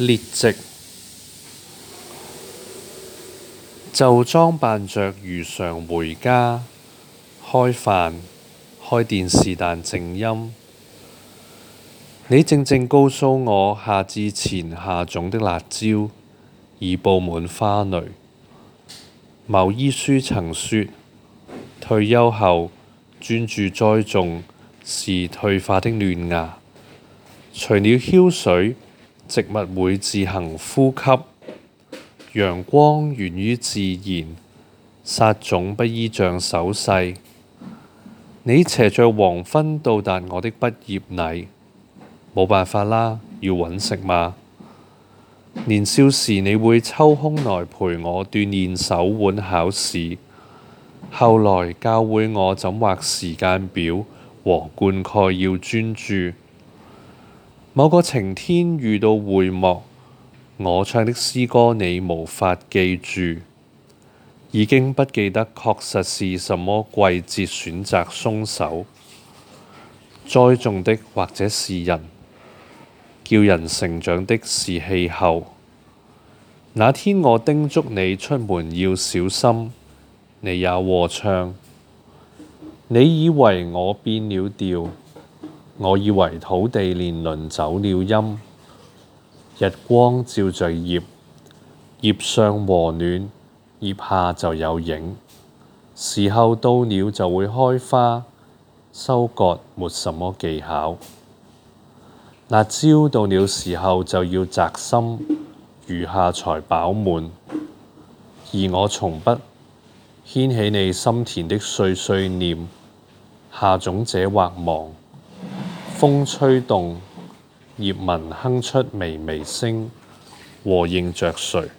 裂植就裝扮着如常回家開飯，開電視，但靜音。你靜靜告訴我，夏至前下種的辣椒已布滿花蕾。某醫書曾說，退休後專注栽種是退化的嫩芽，除了澆水。植物會自行呼吸，陽光緣於自然，撒種不倚仗手勢。你斜着黃昏到達我的畢業禮，冇辦法啦，要揾食嘛。年少時你會抽空來陪我鍛煉手腕考試，後來教會我怎畫時間表和灌溉要專注。某個晴天遇到會幕，我唱的詩歌你無法記住，已經不記得確實是什麼季節選擇鬆手。栽種的或者是人，叫人成長的是氣候。那天我叮囑你出門要小心，你也和唱，你以為我變了調。我以為土地年輪走了音，日光照著葉，葉上和暖，葉下就有影。時候到了就會開花，收割沒什麼技巧。辣椒到了時候就要摘心，餘下才飽滿。而我從不掀起你心田的碎碎念，下種者或忘。風吹動，葉紋吭出微微聲，和應着誰？